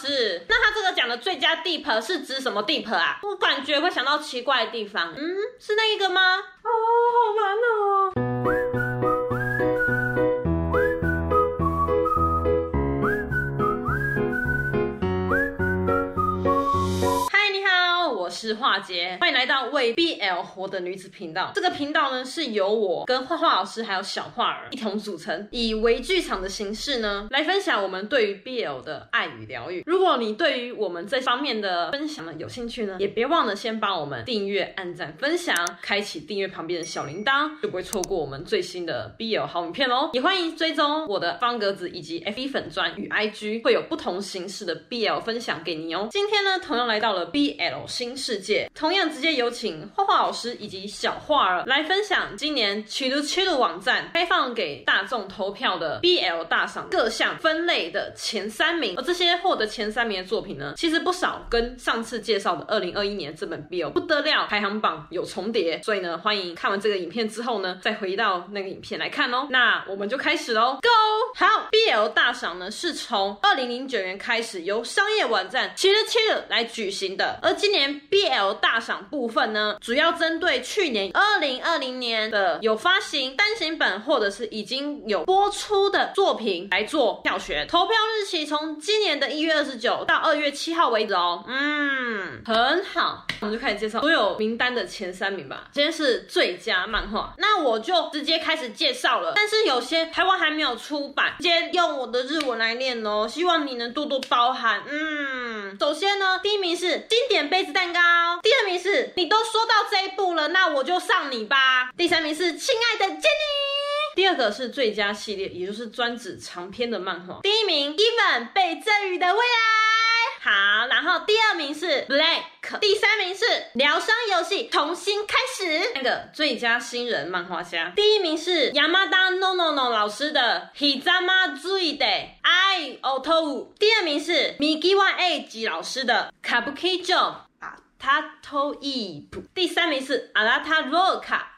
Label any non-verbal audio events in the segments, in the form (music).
是，那他這個講的最佳地 p 是指什麼地 p 啊？我感覺會想到奇怪的地方。嗯，是那一個嗎？啊、哦，好難啊、哦。樺姐，歡迎來到為 BL 活的女子頻道。這個頻道呢，是由我跟樺樺老師還有小樺兒一同組成，以微劇場的形式呢來分享我們對於 BL 的愛與療癒。如果你對於我們這方面的分享呢有興趣呢，也別忘了先幫我們訂閱、按讚、分享，開啟訂閱旁邊的小鈴鐺，就不會錯過我們最新的 BL 好影片咯。也歡迎追蹤我的方格子以及 F 一粉專與 IG，會有不同形式的 BL 分享給你哦。今天呢，同樣來到了 BL 心世。同樣直接有請樺樺老師以及小樺兒來分享今年ちるちる網站開放給大眾投票的 BL 大賞各項分類的前三名。而這些獲得前三名的作品呢，其實不少跟上次介紹的二零二一年這本 BL 不得了排行榜有重疊。所以呢，歡迎看完這個影片之後呢，再回到那個影片來看哦。那我們就開始嘍，Go！好，BL 大賞呢是從二零零九年開始由商業網站ちるちる來舉行的，而今年 BL L 大賞部分呢，主要針對去年二零二零年的有發行單行本或者是已經有播出的作品來做票選。投票日期從今年的一月二十九到二月七號為止哦。嗯，很好，我們就開始介紹所有名單的前三名吧。今天是最佳漫畫，那我就直接開始介紹了。但是有些台灣還沒有出版，今天用我的日文來念哦，希望你能多多包涵。嗯，首先呢，第一名是經典杯子蛋糕。第二名是你都說到這一步了，那我就上你吧。第三名是親愛的 Jenny。第二個是最佳系列，也就是專指長篇的漫畫。第一名 Even 被贈予的未來。好，然後第二名是 Blank，第三名是療傷遊戲重新開始。三個最佳新人漫畫家，第一名是 Yamada No No No 老師的 Hizama Zui de I Otou，第二名是 Miguy Age 老師的 Kabuki Jo。Tato Ipe，第三名是阿拉塔洛卡。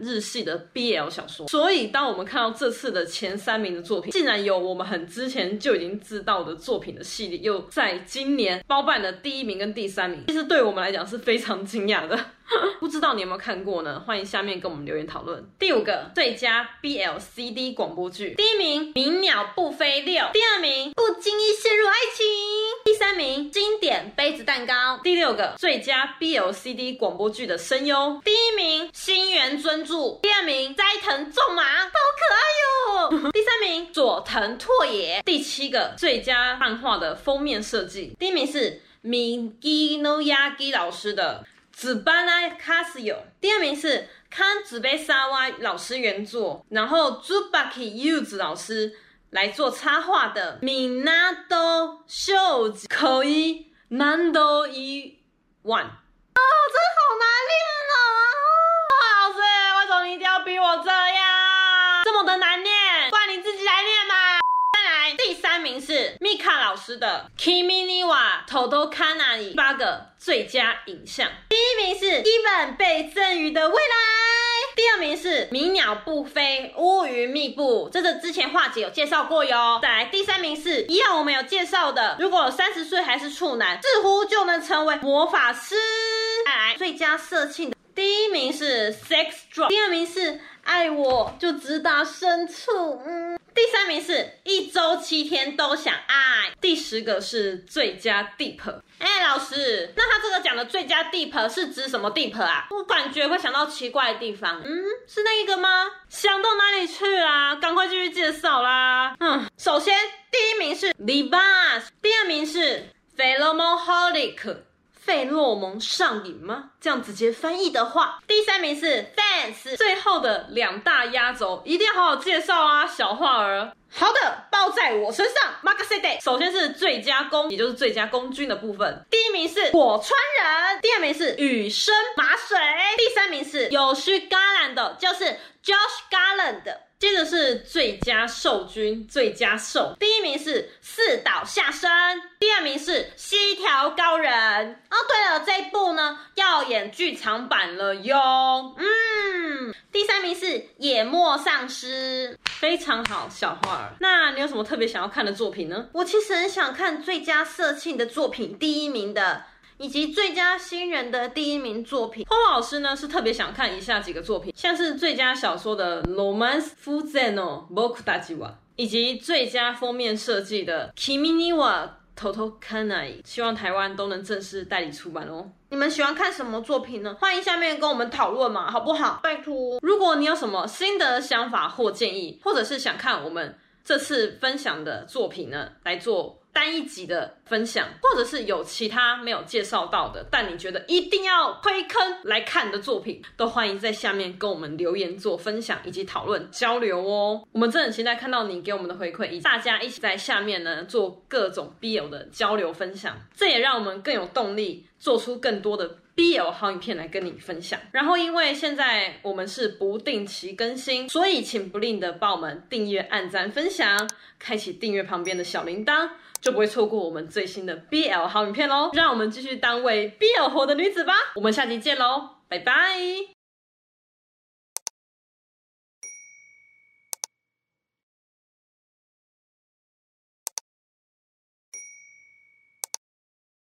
日系的 BL 小說，所以當我們看到這次的前三名的作品，竟然有我們很之前就已經知道的作品的系列，又在今年包辦了第一名跟第三名，其實對我們來講是非常驚訝的。 (laughs) 不知道你有沒有看過呢？歡迎下面跟我們留言討論。第五個最佳 BLCD 廣播劇，第一名《鳴鳥不飛六》，第二名《不經意陷入愛情》。第三名，經典杯子蛋糕。第六個，最佳 B L C D 廣播劇的聲優，第一名，新原尊助，第二名，齋藤重麻，好可愛喲， (laughs) 第三名，佐藤拓也。第七個，最佳漫畫的封面設計，第一名是米基諾亞基老師的紫巴拉卡斯有，第二名是康紫貝沙瓦老師原作，然後朱巴克柚子老師來做插畫的 Minato 秀子口一南都一萬啊，真好難念，啊、哦莫老師，為什麼你一定要逼我這樣？這麼的難念，不然你自己來念吧。再來，第三名是 Mika 老師的 Kimi niwa Totokanari 八個最佳影像，第一名是一本被贈予的未來。第二名是鳴鳥不飛，烏雲密布，這是、個、之前樺姐有介紹過喲。再來，第三名是一樣我們有介紹的，如果三十歲還是處男，似乎就能成為魔法師。再來，最佳色情的第一名是 Sex Drop，第二名是。愛我就直達深處，嗯。第三名是一周七天都想愛。第十個是最佳 deep。哎、欸，老師，那他這個講的最佳 deep 是指什麼 deep 啊？我感覺會想到奇怪的地方。嗯，是那一個嗎？想到哪裡去啊？趕快繼續介紹啦。嗯，首先第一名是 h i b u s 第二名是 Phelomoholic 費洛蒙上癮嗎？這樣直接翻譯的話，第三名是。最後的兩大壓軸，一定要好好介紹啊，小樺兒。好的，包在我身上。m a r 首先是最佳攻，也就是最佳攻軍的部分。第一名是火川人，第二名是雨生麻水，第三名是有須伽藍的，就是 Josh Garland。接着是最佳受軍，最佳受，第一名是四島下山，第二名是西條高人。這一部呢要演劇場版了喲，嗯，第三名是野末喪失。非常好，小樺兒。那你有什麼特別想要看的作品呢？我其實很想看最佳社慶的作品第一名的，以及最佳新人的第一名作品。樺樺老師呢是特別想看以下幾個作品，像是最佳小說的 Romance Fujino Bokutachi wa 以及最佳封面設計的 Kimi niwa 偷偷看而已，希望台灣都能正式代理出版哦。你們喜歡看什麼作品呢？歡迎下面跟我們討論嘛，好不好？拜託，如果你有什麼新的想法或建議，或者是想看我們。這次分享的作品呢，來做單一集的分享，或者是有其他沒有介紹到的，但你覺得一定要推坑來看的作品，都歡迎在下面跟我們留言做分享以及討論交流哦。我們真的很期待看到你給我們的回饋，以及大家一起在下面呢做各種 BL 的交流分享，這也讓我們更有動力做出更多的。BL 好影片，來跟你分享，然後因為現在我們是不定期更新，所以請不吝的幫我們訂閱、按讚、分享，開啟訂閱旁邊的小鈴鐺，就不會錯過我們最新的 BL 好影片嘍。讓我們繼續當為 BL 活的女子吧，我們下集見嘍，拜拜。